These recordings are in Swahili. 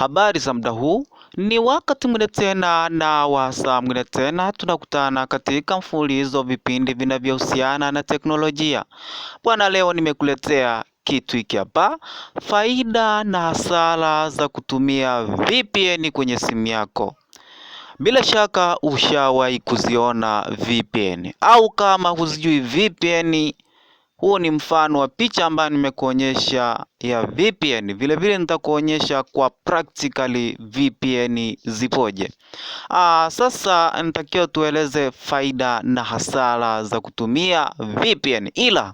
Habari za muda huu, ni wakati mwingine tena na wasaa mwingine tena tunakutana katika mfululizo vipindi vinavyohusiana na teknolojia. Bwana, leo nimekuletea kitu hiki hapa, faida na hasara za kutumia VPN kwenye simu yako. Bila shaka ushawahi kuziona VPN, au kama huzijui VPN huu ni mfano wa picha ambayo nimekuonyesha ya VPN. Vilevile nitakuonyesha kwa practically VPN zipoje. Aa, ah, sasa nitakiwa tueleze faida na hasara za kutumia VPN, ila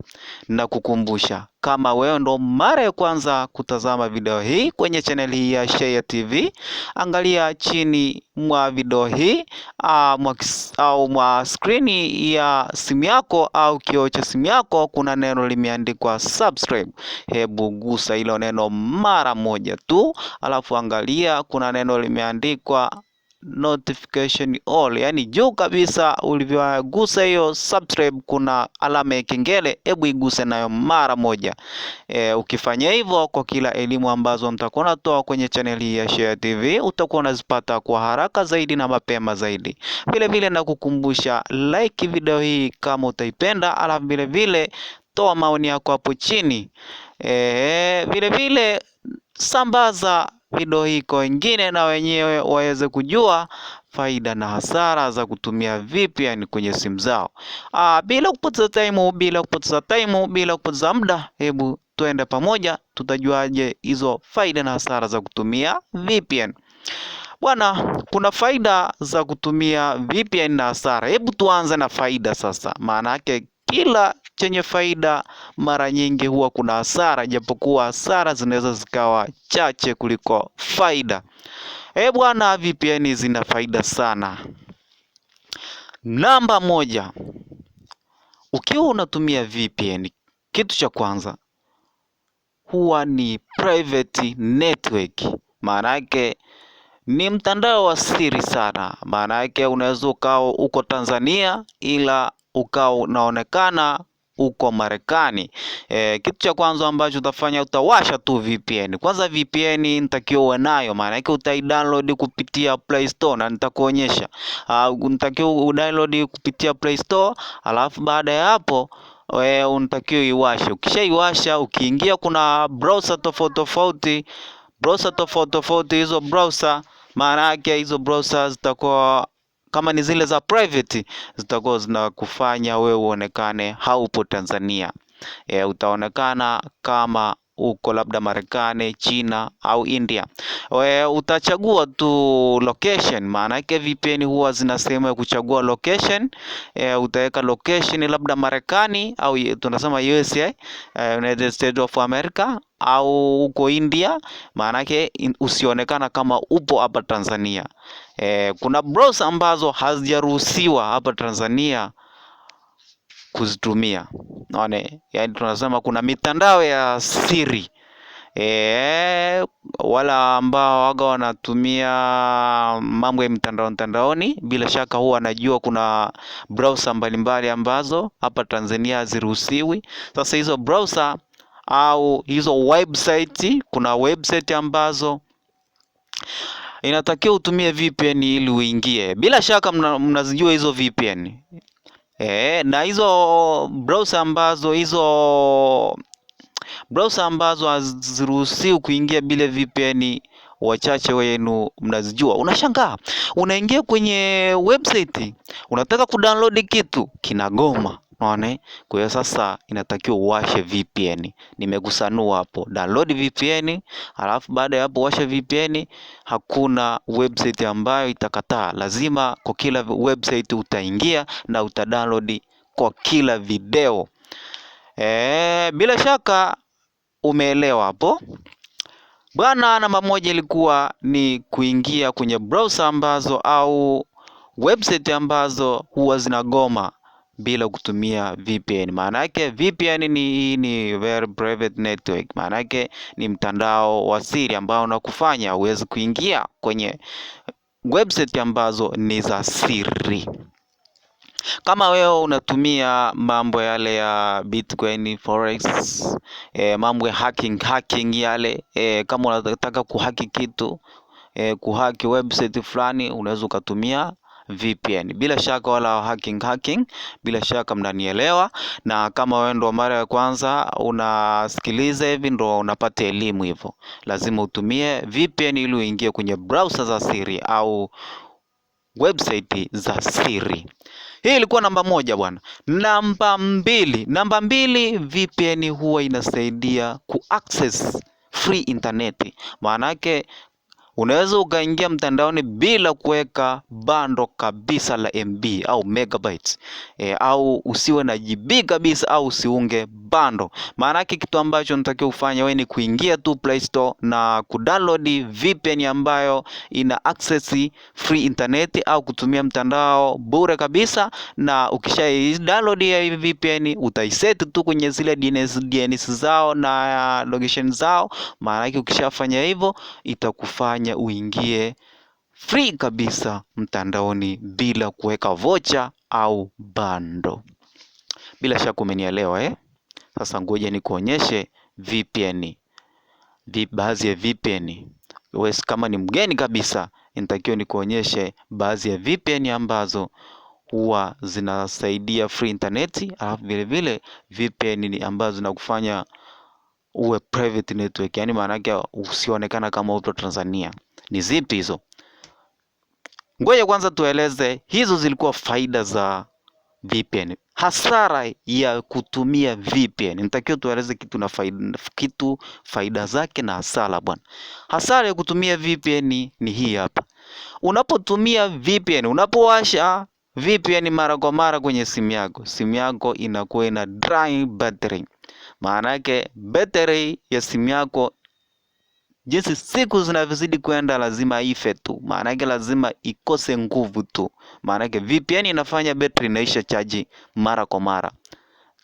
nakukumbusha kama wewe ndo mara ya kwanza kutazama video hii kwenye channel hii ya Shayia TV, angalia chini mwa video hii ah, au mwa, mwa skrini ya simu yako au kioo cha simu yako, kuna neno limeandikwa subscribe. Hebu gusa hilo neno mara moja tu, alafu angalia kuna neno limeandikwa notification all, yani juu kabisa ulivyogusa hiyo subscribe, kuna alama ya kengele, hebu iguse nayo mara moja. E, ukifanya hivyo kwa kila elimu ambazo mtakuwa natoa kwenye hii ya Shayia TV utakuwa unazipata kwa haraka zaidi na mapema zaidi. Vilevile na kukumbusha like video hii kama utaipenda, alafu vilevile toa maoni yako hapo chini. E, vilevile sambaza video hii kwa wengine na wenyewe waweze kujua faida na hasara za kutumia VPN kwenye simu zao. Ah, bila kupoteza time, bila kupoteza time, bila kupoteza muda, hebu tuende pamoja tutajuaje hizo faida na hasara za kutumia VPN. Bwana, kuna faida za kutumia VPN na hasara. Hebu tuanze na faida sasa, maana yake kila chenye faida mara nyingi huwa kuna hasara, japokuwa hasara zinaweza zikawa chache kuliko faida. Eh bwana, VPN zina faida sana. Namba moja, ukiwa unatumia VPN, kitu cha kwanza huwa ni private network, maana yake ni mtandao wa siri sana. Maana yake unaweza ukao uko Tanzania ila ukao unaonekana uko Marekani. E, kitu cha kwanza ambacho utafanya utawasha tu VPN. Kwanza VPN nitakiwa uwe nayo, maana yake download kupitia Play Store na nitakuonyesha. Uh, nitakiwa kupitia Play Store, alafu baada ya hapo e, unatakiwa iwashe. Ukishaiwasha, ukiingia, kuna browser tofauti tofauti, browser tofauti tofauti. Hizo browser maana yake hizo browser zitakuwa kama ni zile za private zitakuwa zinakufanya wewe uonekane haupo Tanzania. E, utaonekana kama uko labda Marekani, China au India. We, utachagua tu location, maanake VPN huwa zina sehemu ya kuchagua location e, utaweka location labda Marekani au tunasema USA, e, United States of America au uko India, maanake usionekana kama upo hapa Tanzania. E, kuna browser ambazo hazijaruhusiwa hapa Tanzania kuzitumia naone yani tunasema kuna mitandao ya siri e, wala ambao waga wanatumia mambo ya mtandao mtandaoni, bila shaka huwa anajua kuna browser mbalimbali ambazo hapa Tanzania haziruhusiwi. Sasa hizo browser au hizo website, kuna website ambazo inatakiwa utumie VPN ili uingie. Bila shaka mnazijua mna hizo VPN e, na hizo browser ambazo hizo browser ambazo haziruhusiwi kuingia bila VPN wachache wenu mnazijua. Unashangaa, unaingia kwenye website unataka kudownload kitu kinagoma, unaona kwa hiyo sasa inatakiwa uwashe VPN nimegusanua hapo download VPN alafu baada ya hapo uwashe VPN hakuna website ambayo itakataa lazima kwa kila website utaingia na utadownload kwa kila video e, bila shaka umeelewa hapo bwana namba moja ilikuwa ni kuingia kwenye browser ambazo au website ambazo huwa zinagoma bila kutumia VPN. yake VPN ni, ni very private network, yake ni mtandao wa siri ambao unakufanya uweze kuingia kwenye website ambazo ni za siri. Kama wewe unatumia mambo yale ya Bitcoin, forex e, mambo ya hacking, hacking yale e, kama unataka kuhaki kitu e, kuhaki website fulani unaweza ukatumia VPN. Bila shaka wala hacking hacking, bila shaka mnanielewa, na kama wewe ndo mara ya kwanza unasikiliza hivi, ndo unapata elimu hivyo, lazima utumie VPN ili uingie kwenye browser za siri au website za siri. Hii ilikuwa namba moja bwana. Namba mbili, namba mbili, VPN huwa inasaidia access free internet, maana yake unaweza ukaingia mtandaoni bila kuweka bando kabisa la MB au megabytes e, au usiwe na GB kabisa au usiunge bando. Maanake kitu ambacho unatakiwa ufanye wewe ni kuingia tu Play Store na kudownload VPN ambayo ina access free internet au kutumia mtandao bure kabisa, na ukisha download ya VPN utaiset tu kwenye zile DNS, DNS zao na location zao. Maana yake ukishafanya hivyo itakufanya kufanya uingie free kabisa mtandaoni bila kuweka vocha au bando. Bila shaka umenielewa eh? Sasa ngoja nikuonyeshe VPN. Baadhi ya VPN. Wewe kama ni mgeni kabisa, nitakiwa nikuonyeshe baadhi ya VPN ambazo huwa zinasaidia free internet, alafu vile VPN ambazo zinakufanya uwe private network, yani maana yake usionekana kama upo Tanzania. Ni zipi hizo? Ngoja kwanza tueleze hizo zilikuwa faida za VPN. Hasara ya kutumia VPN, nitakiwa tueleze kitu na faida, kitu faida zake na hasara bwana. Hasara ya kutumia VPN ni hii hapa. Unapotumia VPN, unapowasha VPN mara kwa mara kwenye simu yako, simu yako inakuwa ina drain battery. Maana yake betri ya simu yako jinsi siku zinavyozidi kwenda lazima ife tu, maana yake lazima ikose nguvu tu. Maana yake VPN inafanya betri inaisha chaji mara kwa mara.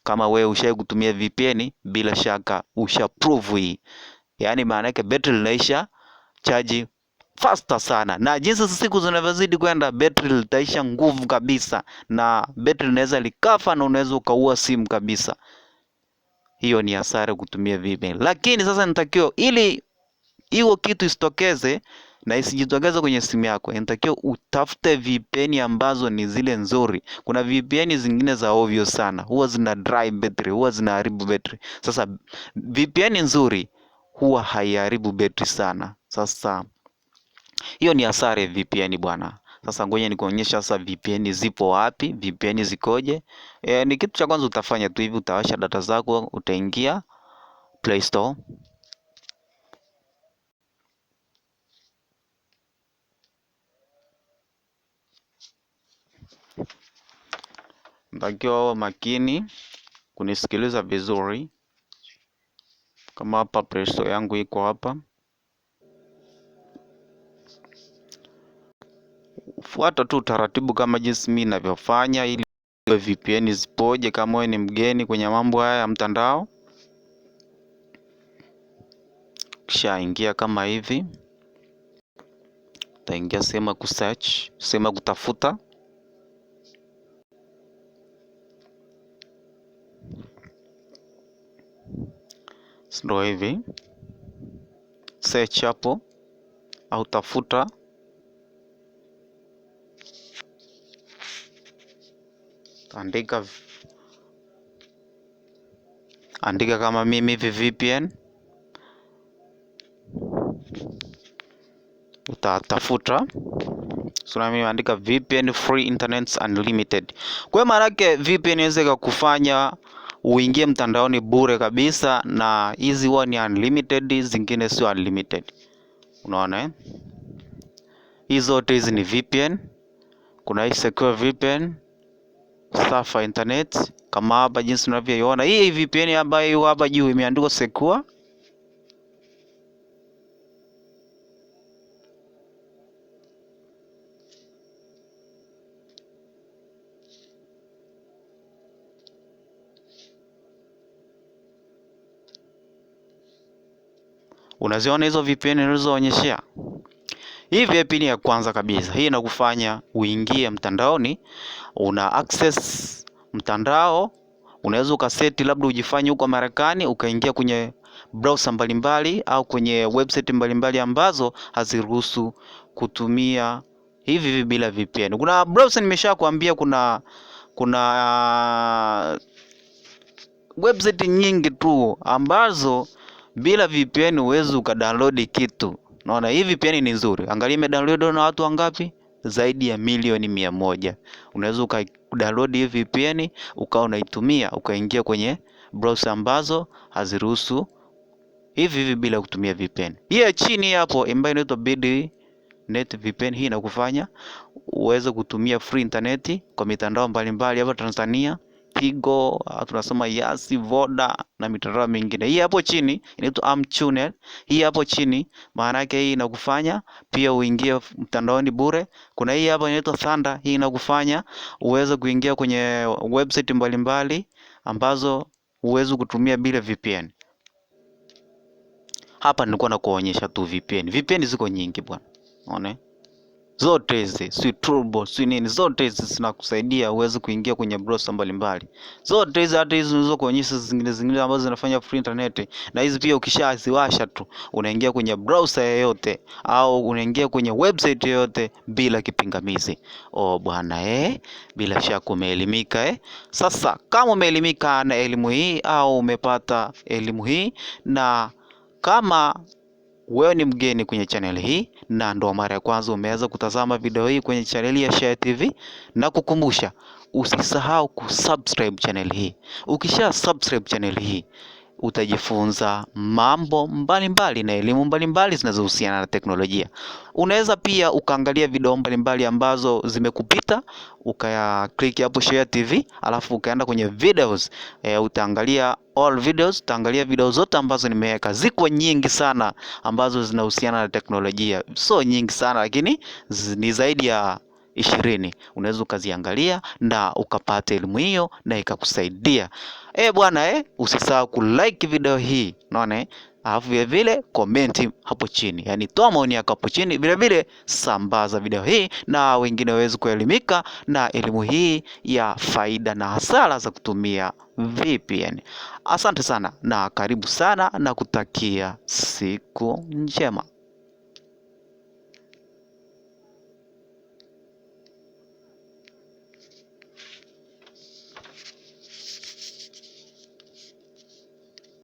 Kama we ushawahi kutumia VPN, bila shaka usha prove hii, yaani maana yake betri linaisha chaji faster sana, na jinsi siku zinavyozidi kwenda betri litaisha nguvu kabisa, na betri linaweza likafa na unaweza ukaua simu kabisa hiyo ni hasara kutumia VPN. Lakini sasa nitakio ili hiyo kitu isitokeze na isijitokeze kwenye simu yako, inatakiwa utafute VPN ambazo ni zile nzuri. Kuna VPN zingine za ovyo sana, huwa zina dry battery, huwa zinaharibu battery. Sasa VPN nzuri huwa haiharibu battery sana. Sasa hiyo ni hasara ya VPN bwana. Sasa ngoja nikuonyesha sasa VPN zipo wapi, VPN zikoje. E, ni kitu cha kwanza utafanya tu hivi, utawasha data zako, utaingia Play Store. Ntakiwa wa makini kunisikiliza vizuri, kama hapa Play Store yangu iko hapa. Fuata tu utaratibu kama jinsi mimi ninavyofanya ili VPN zipoje kama wewe ni mgeni kwenye mambo haya ya mtandao. ingia kama hivi, utaingia sehemu ya kusearch, sehemu ya kutafuta. Ndo hivi search hapo au tafuta andika, andika kama mimi hivi VPN, utatafuta Sunami andika VPN free internet unlimited. Kwa maana yake VPN inaweza ikakufanya uingie mtandaoni bure kabisa, na hizi huwa ni unlimited, zingine sio unlimited. Unaona eh? Hizi zote hizi ni VPN. Kuna hii secure VPN Safa Internet kama hapa jinsi unavyoiona. Hii VPN ambayo iko hapa juu imeandikwa secure. Unaziona hizo VPN nilizoonyeshea. Hii VPN ya kwanza kabisa, hii inakufanya uingie mtandaoni una access mtandao, unaweza ukaseti labda ujifanye huko Marekani, ukaingia kwenye browser mbalimbali au kwenye website mbalimbali ambazo haziruhusu kutumia hivi hivi bila VPN. Kuna browser nimeshakwambia, kuambia, kuna kuna uh, website nyingi tu ambazo bila VPN huwezi ukadownload kitu. Naona hii VPN ni nzuri, angalia imedownload na watu wangapi zaidi ya milioni mia moja. Unaweza ukadownload hii VPN ukawa unaitumia ukaingia kwenye browser ambazo haziruhusu hivi hivi bila kutumia VPN. Hii ya chini hapo ambayo inaitwa BDNet VPN hii inakufanya uweze kutumia free internet kwa mitandao mbalimbali hapa Tanzania. Tigo, ah, tunasema Yasi, Voda na mitandao mingine. Hii hapo chini inaitwa Amchune. Hii hapo chini maana yake hii inakufanya pia uingie mtandaoni bure. Kuna hii hapo inaitwa Thunder, hii inakufanya uweze kuingia kwenye website mbalimbali mbali, ambazo uweze kutumia bila VPN. Hapa nilikuwa nakuonyesha tu VPN. VPN ziko nyingi bwana. Unaona? zote hizi si turbo si nini, zote hizi zinakusaidia uweze kuingia kwenye browser mbalimbali zote hizi, hata hizi kuonyesha zingine zingine ambazo zinafanya free internet, na hizi pia ukishaziwasha tu unaingia kwenye browser yoyote au unaingia kwenye website yoyote bila kipingamizi. Oh bwana eh, bila shaka umeelimika eh. Sasa kama umeelimika na elimu hii au umepata elimu hii na kama wewe ni mgeni kwenye channel hii na ndo mara ya kwanza umeweza kutazama video hii kwenye channel ya Shayia TV, na kukumbusha usisahau kusubscribe channel hii. Ukisha subscribe channel hii utajifunza mambo mbalimbali mbali na elimu mbalimbali zinazohusiana na teknolojia. Unaweza pia ukaangalia video mbalimbali mbali ambazo zimekupita, ukaya click hapo Share TV, alafu ukaenda kwenye videos. E, utaangalia all videos, utaangalia video zote ambazo nimeweka. Ziko nyingi sana ambazo zinahusiana na teknolojia, so nyingi sana lakini ni zaidi ya ishirini unaweza ukaziangalia na ukapata elimu hiyo na ikakusaidia. Eh bwana eh, usisahau kulike video hii, unaona eh, alafu vile vile komenti hapo chini, yaani toa maoni yako hapo chini, vile vile sambaza video hii na wengine waweze kuelimika na elimu hii ya faida na hasara za kutumia VPN. Asante sana na karibu sana na kutakia siku njema.